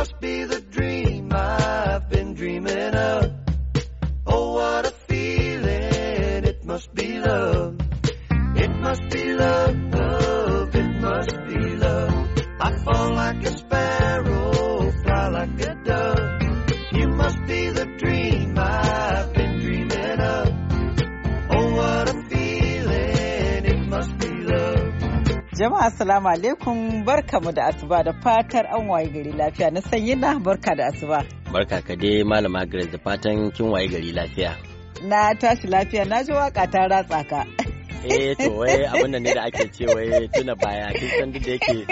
must be the assalamu alaikum mu da asuba da fatar an waye gari lafiya na sanyi na barka da asuba barka ka dai malama grace da fatan kin waye gari lafiya na tashi lafiya na ji waka ta ratsa ka eh to wai abin ne da ake ce wai tuna baya kin san duk da yake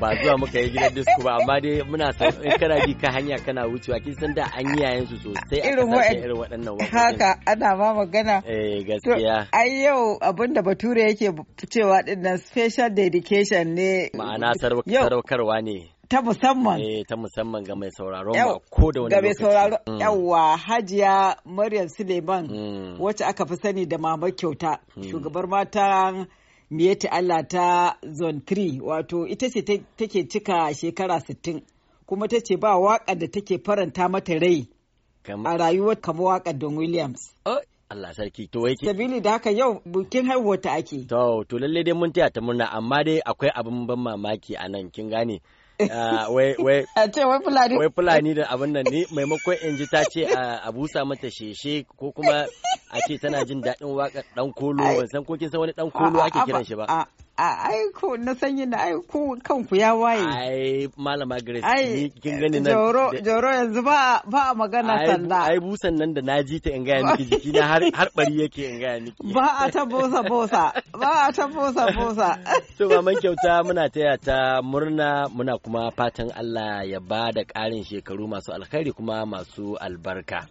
ba zuwa muka yi gidan disco ba amma dai muna san in kana bi ka hanya kana wucewa kin san da an yi yayin su sosai a kasashen irin waɗannan wakokin haka ana ma magana eh gaskiya ai yau abin da bature yake cewa din nan special dedication ne ma'ana sadaukarwa ne ta musamman. Eh ta musamman ga mai sauraron ma ko da wani lokaci. Ga mai sauraro mm. yawa Hajiya Maryam Suleiman mm. wacce aka fi sani da Mama Kyauta mm. shugabar mata Miyeti Allah ta Zone 3 wato ita ce take cika shekara 60 kuma ta ce ba waka da take faranta mata rai a rayuwar kamar waka Don Williams. Oh, Allah sarki to yake. Sabili da haka yau bukin haihuwa ta ake. To to lalle dai mun taya ta murna amma dai akwai abin ban mamaki a nan kin gane. Ah, wai fulani fulani da abin nan ne maimakon in ji ta ce a busa mata sheshe ko kuma a ce tana jin daɗin waƙar ɗan kolo ban san ko kin san wani ɗan kolo ake kiran shi ba ai ko na san yana ai ko kanku ya waye ai malama grace ni kin gani nan joro joro yanzu ba ba magana sanda ai busan nan da naji ta in ga miki jiki na har har bari yake in ga miki ba a ta bosa bosa ba a ta bosa bosa to man kyauta muna taya ta murna muna kuma fatan Allah ya ba da ƙarin shekaru masu alkhairi kuma masu albarka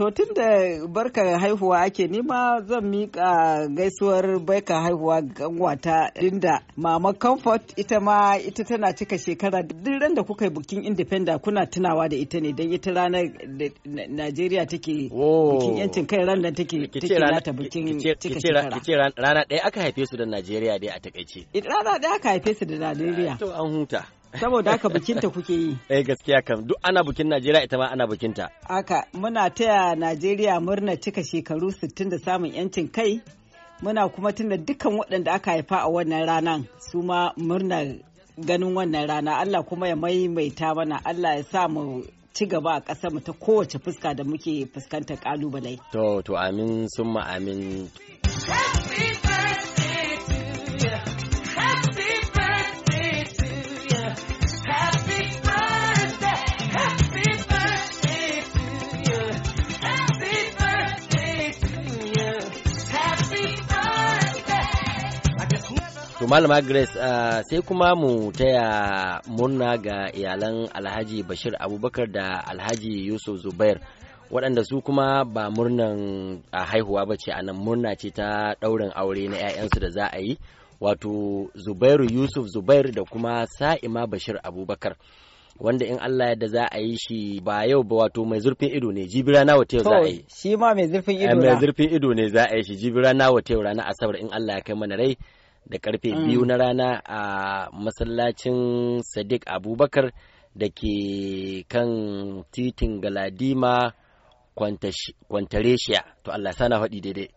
To tun da barka haihuwa ake nima zan mika gaisuwar barka haihuwa gangwata inda mama comfort ita ma ita tana cika shekara duk ran da kuka yi bukin independent kuna tunawa da ita ne don ita ranar da Najeriya take oh. bukin yancin kai ran nan take take nata bukin cika shekara. rana ɗaya aka haife su da Najeriya dai a takaice. Rana ɗaya aka haife su da Najeriya. To an huta. saboda haka bikinta kuke yi eh gaskiya kam duk ana bikin Najeriya ita ma ana bikinta haka muna taya Najeriya murna cika shekaru 60 da samun yancin kai muna kuma tunda dukkan waɗanda aka haifa a wannan ranan su ma murna ganin wannan rana Allah kuma ya maimaita mana Allah ya sa mu ci gaba a ƙasar mu ta kowace fuska da muke fuskantar ƙalubale to to amin summa amin Malama Grace uh, sai kuma mu taya murna ga iyalan Alhaji Bashir Abubakar da Alhaji Yusuf Zubair waɗanda su kuma ba murnan a ah, haihuwa ba ce a nan murna ce ta ɗaurin aure na 'ya'yansu da za a yi wato Zubairu Yusuf Zubair da kuma Sa'ima Bashir Abubakar. wanda in Allah yadda za a yi shi ba yau ba wato mai zurfin ido ne jibira na wata yau za a yi shi ma mai zurfin eh, ido mai zurfin ido ne za a yi shi jibira na wata yau ranar asabar in Allah ya kai mana rai da karfe mm. biyu na rana a masallacin sadiq abubakar da ke kan titin galadima kwantareshiya to allah sana faɗi daidai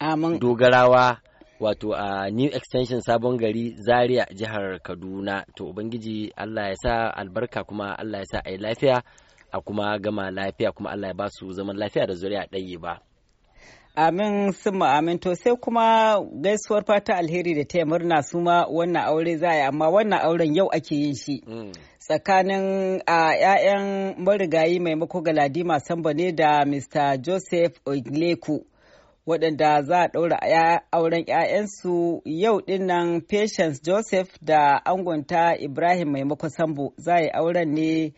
Amin. dogarawa wato a new extension sabon gari zaria jihar kaduna to ubangiji allah ya sa albarka kuma allah ya sa a lafiya a kuma gama lafiya kuma allah ya ba su zaman lafiya da zuriya ɗaye ba Amin summa amin to sai kuma gaisuwar fata alheri da taya murna su ma wannan aure za a amma wannan auren yau ake yin shi. Mm. Tsakanin a 'ya'yan marigayi maimako galadima sambo ne da Mr. Joseph Ogleku waɗanda za a ɗaura auren 'ya'yansu yau dinnan Patience Joseph da angonta Ibrahim maimako sambo za yi auren ne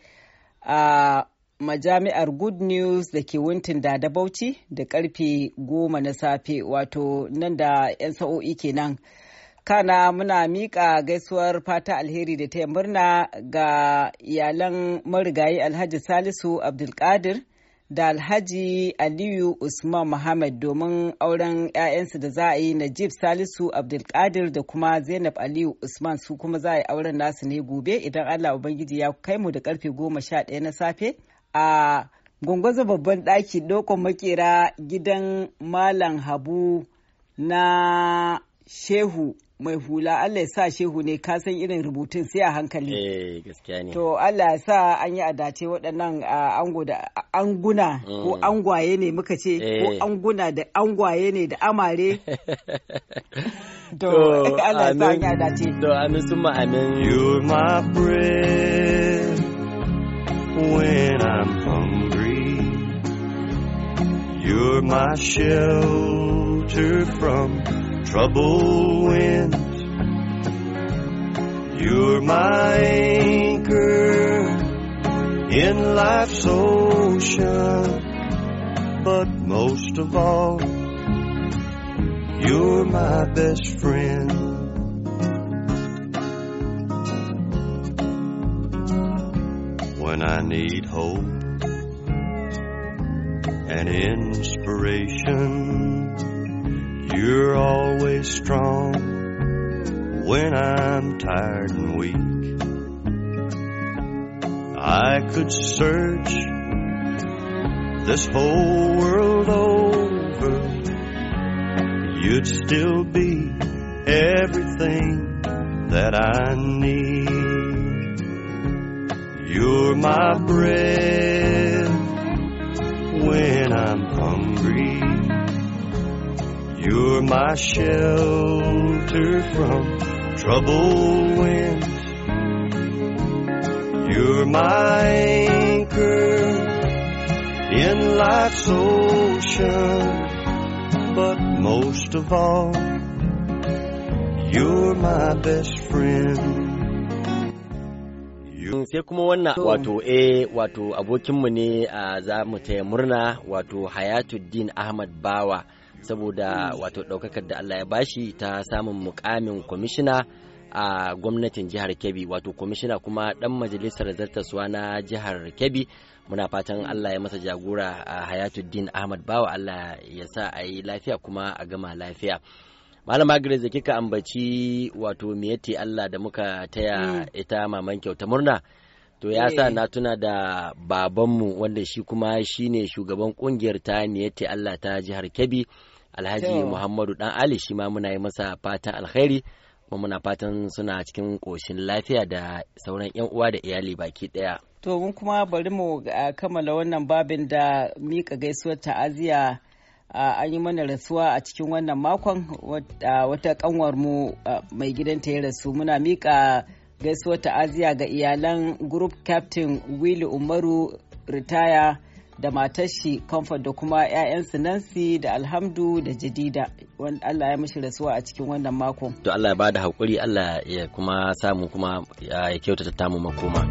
a majami'ar Good News da ke wuntin da da Bauchi da karfe goma na safe wato nan da 'yan sa'o'i kenan. Kana muna miƙa gaisuwar fata alheri da ta yi murna ga iyalan marigayi Alhaji Salisu Abdulkadir da Alhaji Aliyu Usman Muhammad domin auren 'ya'yansu da za a yi Najib Salisu Abdulkadir da kuma Zainab Aliyu Usman su kuma za a yi auren nasu ne gobe idan Allah Ubangiji ya kai mu da karfe goma sha ɗaya na safe a gungunzo babban ɗaki ɗaukar makera gidan Malam Habu na Shehu mai hula Allah ya sa Shehu ne ka san irin rubutun sai a hankali. Eh gaskiya ne. To Allah ya sa an yi adace waɗannan ango da anguna ko mm. angwaye ne muka ce ko eh. anguna da angwaye ne da amare. To Allah ya sa an yi adace. To amin sun ma'amin. You're my friend. when I'm hungry. You're my shelter from trouble winds. You're my anchor in life's ocean. But most of all, you're my best friend. need hope and inspiration. You're always strong when I'm tired and weak. I could search this whole world over. You'd still be everything that I need my bread when I'm hungry. You're my shelter from trouble winds. You're my anchor in life's ocean, but most of all, you're my best friend. sai kuma wannan wato eh wato abokinmu ne za mu taya murna wato hayatuddin ahmad bawa saboda mm. wato ɗaukakar da allah ya bashi ta samun mukamin kwamishina a gwamnatin jihar kebbi wato kwamishina kuma ɗan majalisar zartaswa na jihar kebbi muna fatan mm. allah ya masa jagora a hayatuddin ahmad bawa allah ya sa a yi lafiya kuma a gama lafiya malama grace da kika ambaci wato miyati allah da muka taya mm. ita maman kyauta murna to ya sa eh. na tuna da babanmu wanda shi kuma shi ne shugaban kungiyar ta niyyati Allah ta jihar Kebbi Alhaji Muhammadu Dan Ali shi ma muna yi masa fatan alkhairi kuma muna fatan suna cikin ƙoshin lafiya da sauran 'yan uwa da iyali baki ɗaya. To mun kuma bari mu kammala wannan babin da mika gaisuwar ta'aziya an yi mana rasuwa a cikin wannan makon wata kanwar mu mai gidanta ya rasu muna mika gaisuwar ta'aziya ga iyalan group captain willy umaru ritaya da matashi shi comfort da kuma 'ya'yansu nancy da alhamdu da jadida wanda allah ya mashi rasuwa a cikin wannan makon to allah ya ba da haƙuri allah ya kuma samu kuma ya kyautata tamu makoma.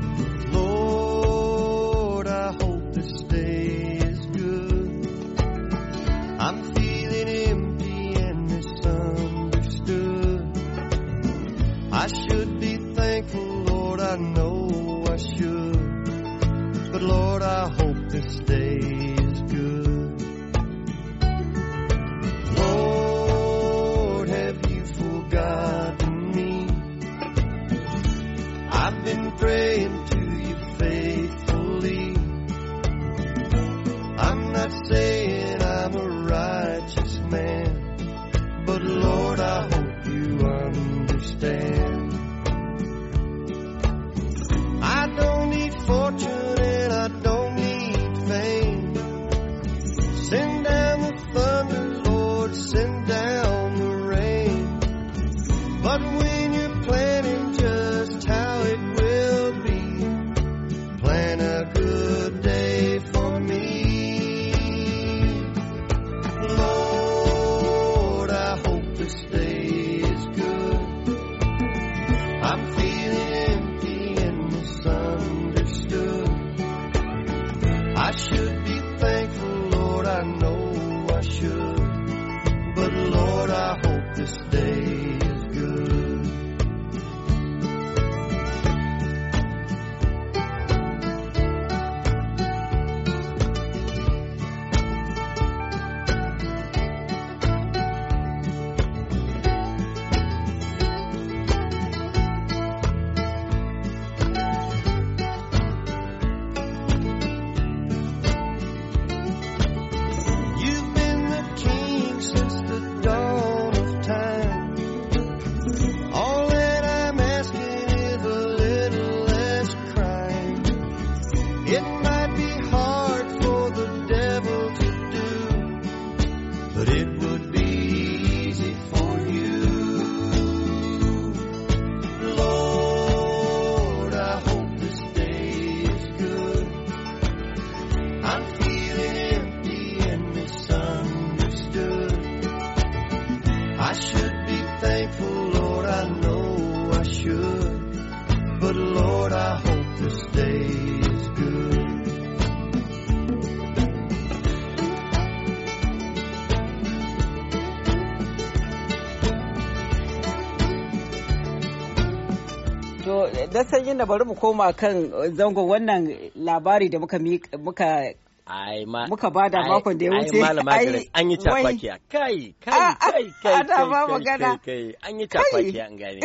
da bari mu koma kan uh, zango wannan labari da muka muka Ai ma muka bada makon da ya wuce ai an yi tafakiya kai kai ah, ah, kai kai kai kai kai kai kai an yi tafakiya an gane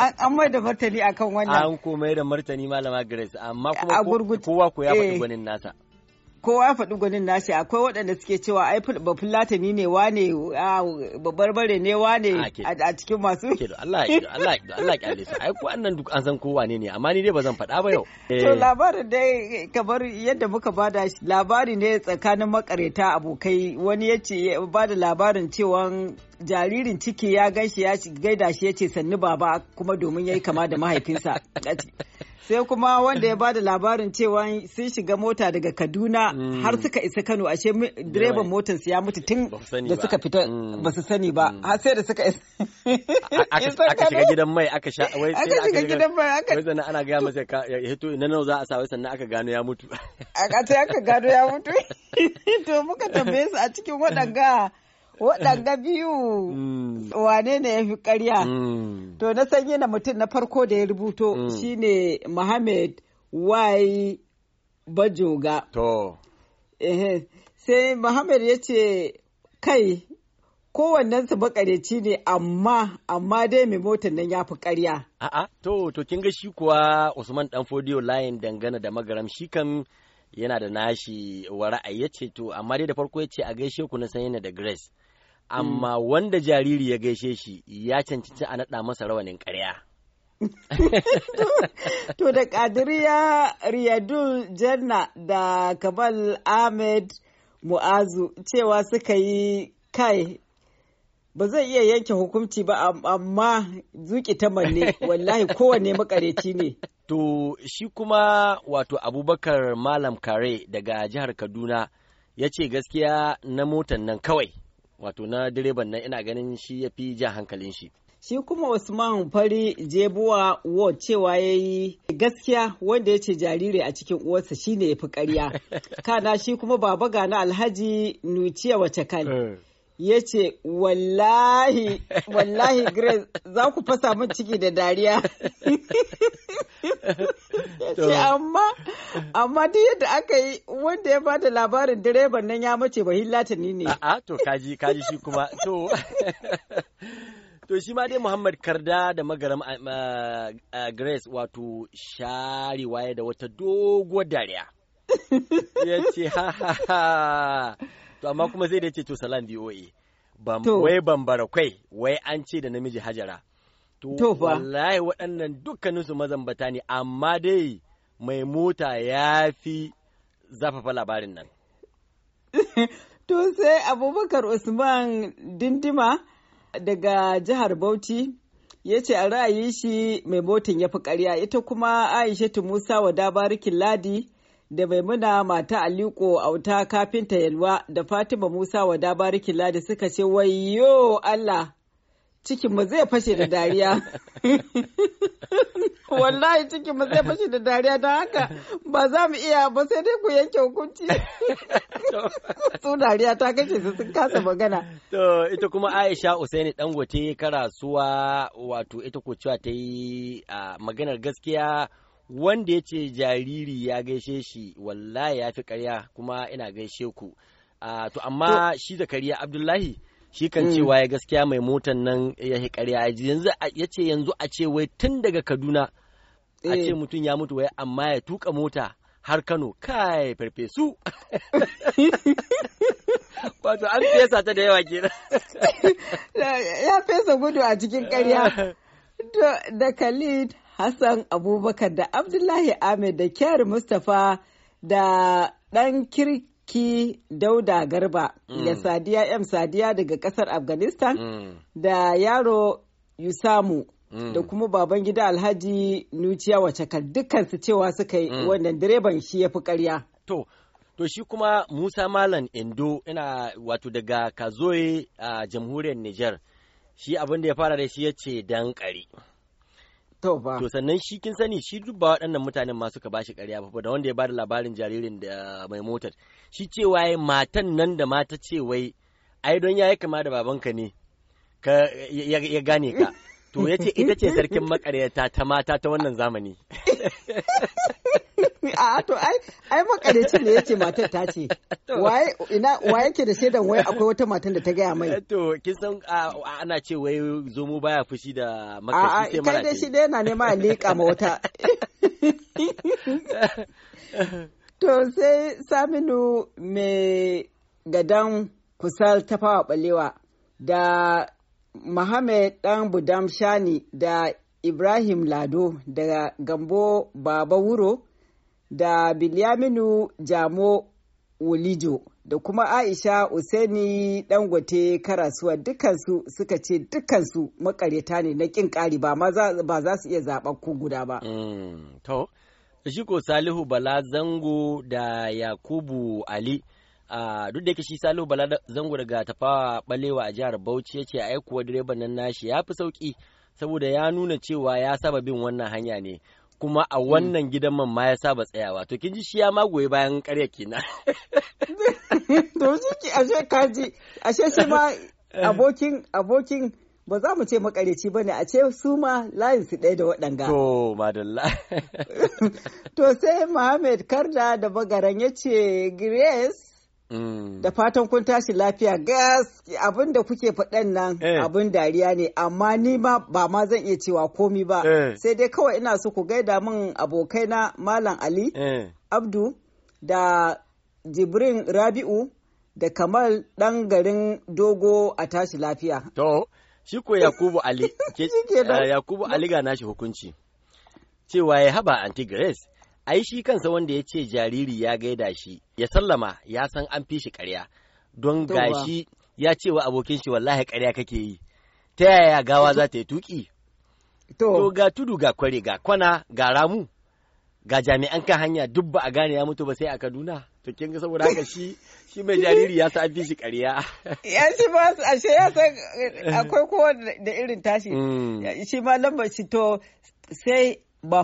an mai da martani akan wannan an ko mai da martani malama Grace amma kuma kowa ko ya faɗi eh. gwanin nasa kowa ya faɗi gwanin nashi akwai waɗanda suke cewa ai bafulatani ne wane babarbare ne wane ah, a cikin masu Allah ya kyale su ai ko annan duk an san kowa ne ne amma ni dai ba zan faɗa ba yau to labarin dai kamar yadda muka bada labari ne tsakanin makareta abokai wani ya ce bada labarin cewa jaririn ciki ya gaishe ya gaida shi ya ce sannu baba kuma domin ya yi kama da mahaifinsa sai kuma wanda ya bada labarin cewa sun shiga mota daga kaduna mm. har suka isa kano ashe direban motar su ya mutu tun da suka fita mm. ba su sani ba mm. har sai da suka isa aka shiga gidan mai aka sha wai aka shiga gidan mai aka wai sannan ana gaya masa ya hito ina nan za a sa wai sannan aka gano ya mutu aka ce aka gano ya mutu to muka tambaye su a cikin waɗanga waɗanga biyu mm. wane ne ya fi ƙarya mm. to na san yana mutum na farko da ya rubuto mm. shine Muhammad Y Bajoga to sai Muhammad ya ce kai kowannensu makareci ne amma amma dai mai motar nan ya fi ƙarya. A'a to to kin ga shi kuwa Usman Dan fodio layin dangana da magaram shi kan yana da nashi wa ra'ayi ya ce to amma dai da farko ya ce a gaishe ku na san yana da Grace. amma mm. wanda jariri ya gaishe shi ya cancanci a naɗa masa rawanin ƙarya. to da ƙadiriya riyadul janna da kamal ahmed mu'azu cewa suka yi kai ba zai iya yanke hukunci ba amma zuki ta manne wallahi kowane makareci ne to shi kuma wato abubakar malam kare daga jihar kaduna ya ce gaskiya na motan nan kawai wato na direban nan ina ganin shi ya fi jan hankalin shi shi kuma usman fari jebuwa ward cewa ya yi gaskiya wanda ya ce jariri a cikin uwarsa shine ya fi karya kana shi kuma baba gana alhaji nuciya wace kan eh. ya ce wallahi wallahi grace za ku fasa min ciki da dariya ce amma amma duk yadda aka yi wanda ya bada labarin direban nan ya mace bahin latani ne a'a to kaji kaji shi kuma to To shi ma dai Muhammad Karda da magaram Grace wato share waye da wata doguwar dariya. Ya ce ha ha ha to amma kuma zai dace to salam BOA wai bambara kwai wai an ce da namiji hajara to wallahi waɗannan dukkaninsu mazambata ne amma dai mai mota ya fi zafafa labarin nan to sai abubakar usman dindima daga jihar bauchi ya ce a ra'ayi shi mai motin ya fi karya ita kuma aisha musa wa dabarikin ladi da muna mata aliko auta kafinta yalwa da fatima musa wa Barikin ladi suka ce wayo allah cikin mu zai fashe da dariya wallahi cikinmu zai fashe da dariya don haka ba za mu iya ba sai dai ku yanke hukunci su dariya ta kashe su sun kasa magana to ita kuma aisha usaini dangote karasuwa wato ita ko cewa ta yi ah, maganar gaskiya wanda ya ce jariri ya gaishe shi wallahi ya fi karya kuma ina gaishe ku to amma shi zakariya abdullahi shi kan mm. cewa ya gaskiya mai motan nan ya fi karya yanzu ya ce yanzu a ce wai tun daga kaduna a ce eh. mutum ya mutu wai amma ya tuka mota har kano kai farfesu wato an fesa ta da yawa kenan ya fesa gudu a cikin karya da khalid Hassan Abubakar da Abdullahi Ahmed da Kyar Mustapha da ɗan kirki Dauda Garba mm. da Sadiya M Sadiya daga ƙasar Afghanistan mm. da yaro Yusamu mm. da kuma baban gida Alhaji Nuciya wace kan dukkansu cewa suka yi wannan direban shi ya fi ƙarya. To, to shi kuma Musa Malam Indo ina wato daga Kazoye a jamhuriyar Nijar. Shi abinda ya fara da shi ya ce dan ƙari. To sannan shi kin sani shi duk ba waɗannan mutanen ma suka bashi ƙarya ba da wanda ya bada labarin jaririn da mai motar. Shi cewa ya matan nan da mata ce wai ai don ya yi kama da babanka ne ka ya gane ka. To ya ce ita ce sarkin makaryata ta mata ta wannan zamani. a to ai ai makareci ne yace matar ta ce waye ina waye yake da shaidan wai akwai wata matan da ta gaya mai to kin san ana ce wai zo mu baya fushi da makareci sai mara kai da shi dai ne nema leƙa ma wata to sai Saminu mai gadan kusal tafawa balewa da Muhammad dan Budam Shani da Ibrahim Lado daga Gambo Baba Wuro da Bilyaminu Jamo wulijo da kuma Aisha Useni Dangote Karasuwa dukansu suka ce dukansu makareta ne na kin kari ba ba za su iya zaɓar ku guda ba. Mm, to, shi ko Salihu Bala Zango da Yakubu Ali. Uh, duk da yake shi Salihu Bala Zango daga tafawa balewa a jihar Bauchi ya ce a kuwa direban nan nashi ya fi sauki saboda ya nuna cewa ya saba bin wannan hanya ne kuma a hmm. wannan gidan man ma ya saba tsayawa to kin ji shi ya ma goyi bayan ƙarya kenan to shi ki ashe kaji ashe shi ma abokin abokin ba za mu ce makareci ba ne a ce su ma layin su ɗaya da waɗanga. To, madalla. to sai Mohammed Karda da bagaran ya ce Grace Mm. da fatan kun tashi lafiya gaske abin da kuke faɗan nan eh. abin dariya ne amma ni ma ba ma zan iya cewa komi ba eh. sai dai kawai ina so ku gaida min abokaina malam ali eh. abdu da jibrin rabi'u da kamal ɗan garin dogo a tashi lafiya to shi ko yakubu ali yakubu ali ga nashi hukunci cewa ya haba anti grace ai shi kansa wanda ya ce jariri ya gaida shi ya sallama ya san an fi shi karya don gashi ya ce wa abokin shi wallahi karya kake yi ta yaya gawa za ta yi tuki to ga tudu ga kware ga kwana ga ramu ga jami'an kan hanya duk ba a gane ya mutu ba sai a Kaduna to kin ga saboda haka shi shi mai jariri ya san an fi shi ƙarya ya shi ba ashe ya san akwai kowa da irin tashi mm. shi ma lambar shi to sai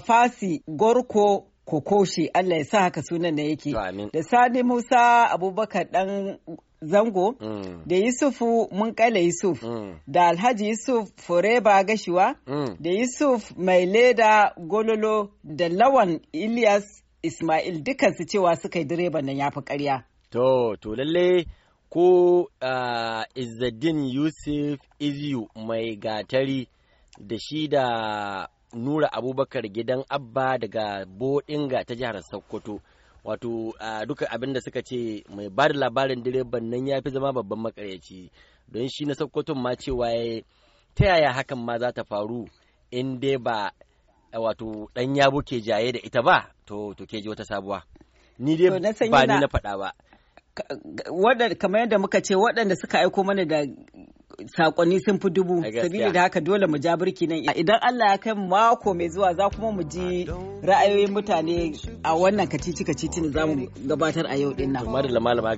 fasi Gorko kokoshi Allah ya sa haka sunan da yake da sani musa abubakar dan zango mm. da yusufu munkale yusuf mm. da alhaji yusuf foreba gashiwa mm. da yusuf mai leda gololo da lawan ilyas ismail dukansu cewa suka yi direban nan yafi fi karya to to lalle ko uh, izzaddin yusuf iziyu mai gatari da shi da nura abubakar gidan abba daga bodinga ta jihar sokoto wato duka abin da suka ce mai ba da labarin direban nan ya fi zama babban makaryaci don shi na sokoton ma cewa ya ta yaya hakan ma za ta faru in dai ba wato dan yabo ke jaye da ita ba to to ke ji wata sabuwa ni dai ba ni na faɗa ba kamar yadda muka ce waɗanda suka aiko mana da sakonni sun fi dubu sabili da haka dole mu ja nan idan Allah ya kai mako mai zuwa za kuma mu ji ra'ayoyin mutane a wannan kacici kacici zamu gabatar a yau din nan malama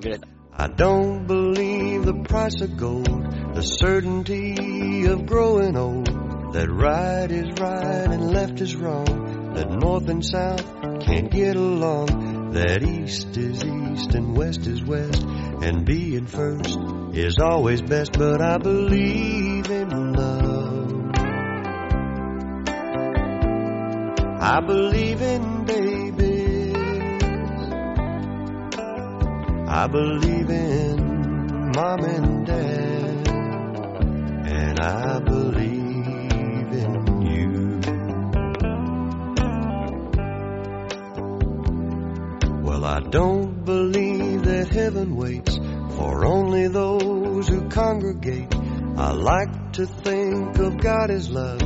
I don't believe the price of gold the certainty of growing old that right is right and left is wrong that north and south can't get along that east is east and west is west and being first is always best, but I believe in love. I believe in babies. I believe in mom and dad. And I believe in you. Well, I don't believe that heaven waits for only those who congregate. I like to think of God as love.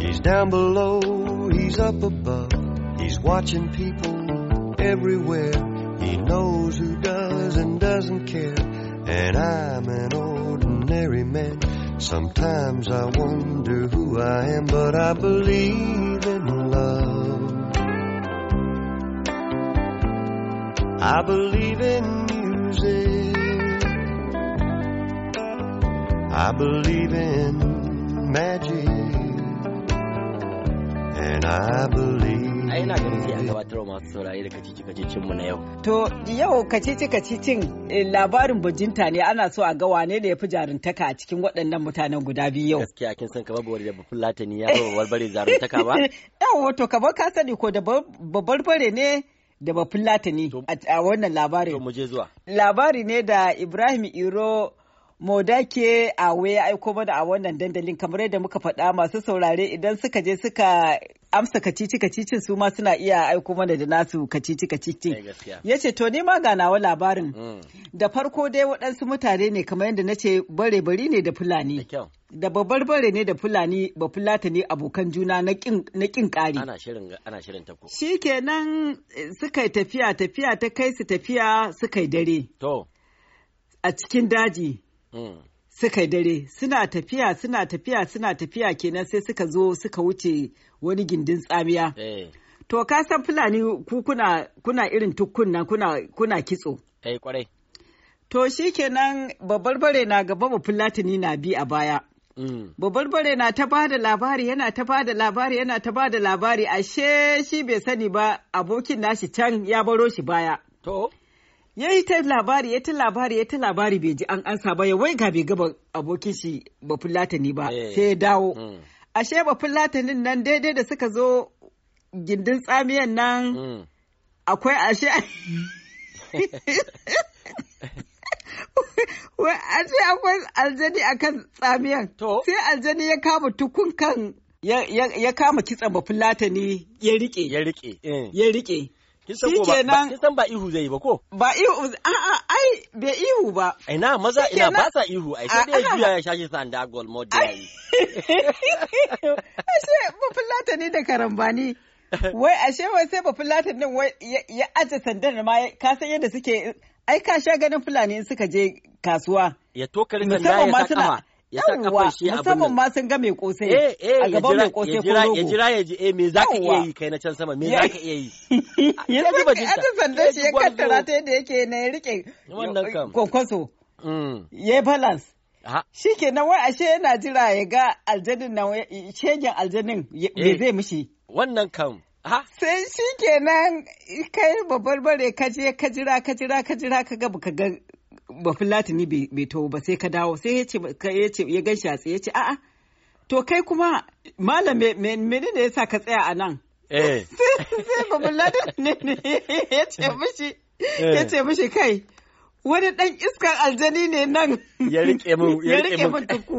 He's down below, He's up above. He's watching people everywhere. He knows who does and doesn't care. And I'm an ordinary man. Sometimes I wonder who I am, but I believe in love. I believe in music. I believe in magic and I believe ai ina ganin sai a gabatar wa masu saurare da kacici kacicin mu na yau. To yau kacici kacicin eh, labarin bujinta ne ana so a ga wane ne ya fi jaruntaka a cikin waɗannan mutanen guda biyu yau. Gaskiya kin san kaba bawar da Fulatani ya ba barbare jaruntaka ba? Yau, to kamar ka sani ko da barbare ne da Fulatani a wannan labarin. To mu je zuwa. Labari ne da Ibrahim Iro Modake a ya aiko mana a wannan dandalin kamar yadda muka faɗa masu saurare idan suka je suka amsa kacici kacicin su ma suna iya aiko mana da nasu kacici eh, kacici. Ya ce to ni ma ga nawa labarin. Mm. Da farko dai waɗansu mutane ne kamar yadda na ce bare bari ne da Fulani. Da babbar bare ne da Fulani ba Fulata ne abokan juna na kin ƙari. Ana shirin tako. Shi kenan eh, suka tafiya tafiya ta kai su tafiya suka dare. To. A cikin daji. Mm. suka dare suna tafiya suna tafiya suna tafiya kenan sai suka zo suka wuce wani gindin tsamiya eh. to ka san fulani ku kuna irin tukunna kuna kitso eh kwarai to kenan babbar bare na gaba ba fulatani na bi a baya mm. Babbar Babarbare na ta bada labari yana ta bada labari yana ta bada labari ashe shi bai sani ba abokin nashi can ya baro shi baya. To. ya yi ta labari ya ta labari ya ta labari bai ji an ansa ba ya wai ga bai gaba abokin shi ba fulatani eh. ba sai ya dawo mm. ashe ba fulatanin nan daidai da suka zo gindin tsamiyan nan mm. akwai ashe wai ashe akwai aljani akan tsamiyan sai aljani ya kama tukun kan ya kama kitsan ba fulatani ya rike ya rike mm. ya rike Shikenan. Kisan ba ihu zai yi ba ko? Ba ihu a'a ai bai ihu ba. Ina maza ina ba sa ihu ai sai dai juya ya shashi sanda gol mod Ashe ba fulata ne da karambani. Wai ashe wai sai ba fulata din wai ya aje sandan ma ka san yadda suke ai ka sha ganin fulani suka je kasuwa. Ya tokalin sanda ya sa kama. ya sa kafar shi abin musamman ma sun ga mai kosai eh eh a gaban mai kosai ko rogo ya jira ya ji eh me zaka iya yi kai na can sama me zaka iya yi ya ji bajinta ya ji shi ya kattara ta yadda yake na ya rike kokoso mm. ya balance shi ke nan wai ashe yana jira ya ga aljanin nan shegen aljanin me eh. zai mishi wannan kam sai shi nan kai babbar bare ka je ka jira ka jira ka jira ka ga ba fulatini bai to ba sai ka dawo sai ya ce ya gan a tsaye ce a'a to kai kuma malam ya yasa ka tsaya a nan eh. sai ba fulatini ne ya ce mishi eh. ya ce mishi kai wani dan iskar aljani ne nan ya rike mu ya rike mu tuku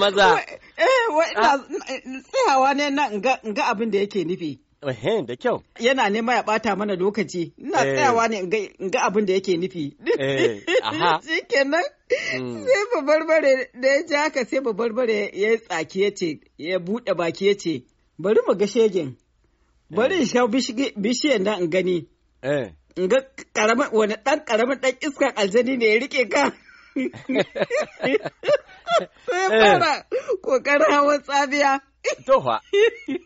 maza eh tsayawa ne nan ga abin da yake nufi Ehen da kyau. Yana nema ya bata mana lokaci. Ina eh. tsayawa ne in ga abin da yake nufi. Eh, Shi kenan. Mm. Sai babarbare da ya ji haka sai babarbare ya tsaki ya ce ya buɗe baki ya ce bari mu ga shegen. Bari in eh. sha bishiyar nan in gani. In ga wani ɗan ƙaramin ɗan iska aljani ne ya riƙe ka. Sai fara kokarin hawan tsabiya. Tofa,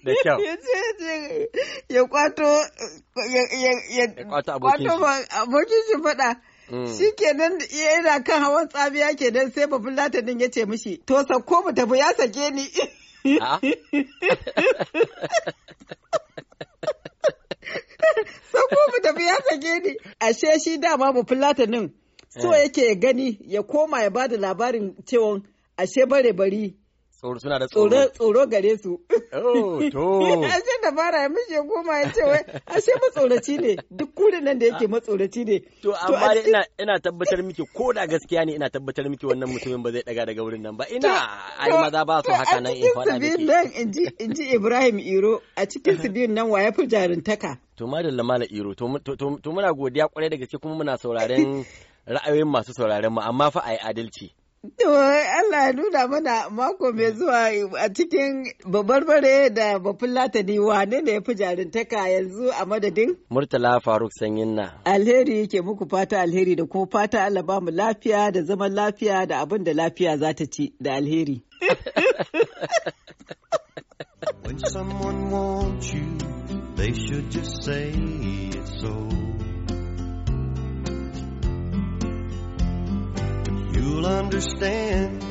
da kyau. Ya kwato, ya kwato abokin shi faɗa. Mm. Shi ke nan yana kan hawan tsabiya nan sai babin latanin ya ce mishi, to sauko mu tafi ya sake ni. sauko mu tafi ya sake ni. Ashe shi dama babin latanin so eh. yake gani ya koma ya bada labarin cewon ashe bare bari Tsoro suna da tsoro. Tsoro gare su. Oh, to. Ashe da fara ya mishe goma ya ce wai ashe matsoraci ne duk kurin nan da yake matsoraci ne. To amma ina ina tabbatar miki ko da gaskiya ne ina tabbatar miki wannan mutumin ba zai daga daga wurin nan ba. Ina ai maza ba su haka nan eh, in faɗa miki. A cikin nan in ji Ibrahim Iro a cikin su biyun nan wa ya fi jarintaka. To madalla mala Iro to muna godiya kwarai da gaske kuma muna sauraren ra'ayoyin masu sauraren mu amma fa ai adalci. Allah ya nuna mana mako mai zuwa a cikin babarbare da bafin latani wane ne ya fi jarintaka yanzu a madadin? Murtala Faruk Sanyin na. Alheri ke muku fata alheri da kuma fata Allah ba mu lafiya da zaman lafiya da abin da lafiya za ta ci da alheri. When someone wants you, they should just say it's so. you'll understand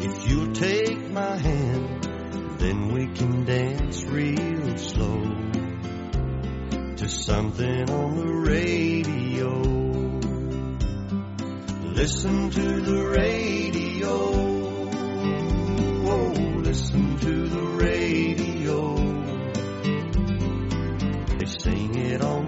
if you'll take my hand. Then we can dance real slow to something on the radio. Listen to the radio. Oh, listen to the radio. They sing it on